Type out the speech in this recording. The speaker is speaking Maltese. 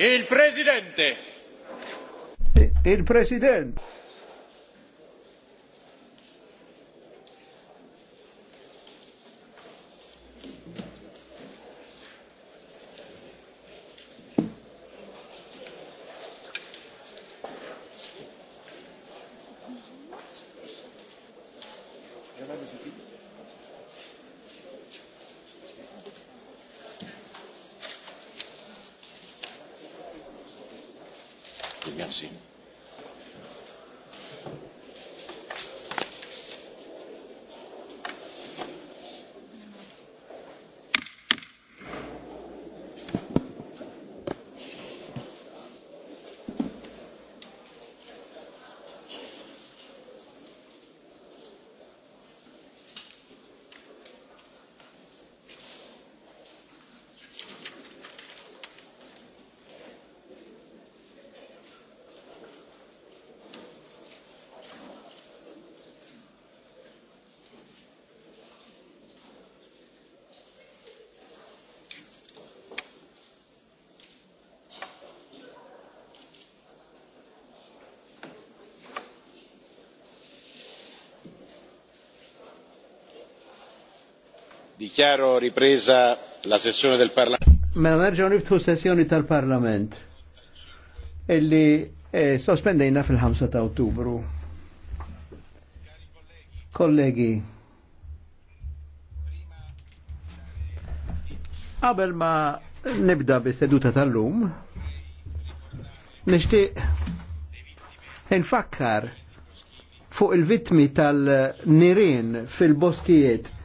Il-Presidente. Il-President. Merci. Dichiaro ripresa la sessione del Parlamento. Mela nerġgħu niftħu sessjoni tal-Parlament illi e, sospendejna fil-5 ta' Ottubru. Kollegi, qabel ma nibda bis-seduta tal-lum, nixtieq infakkar fuq il-vitmi tal-nirien fil-boskijiet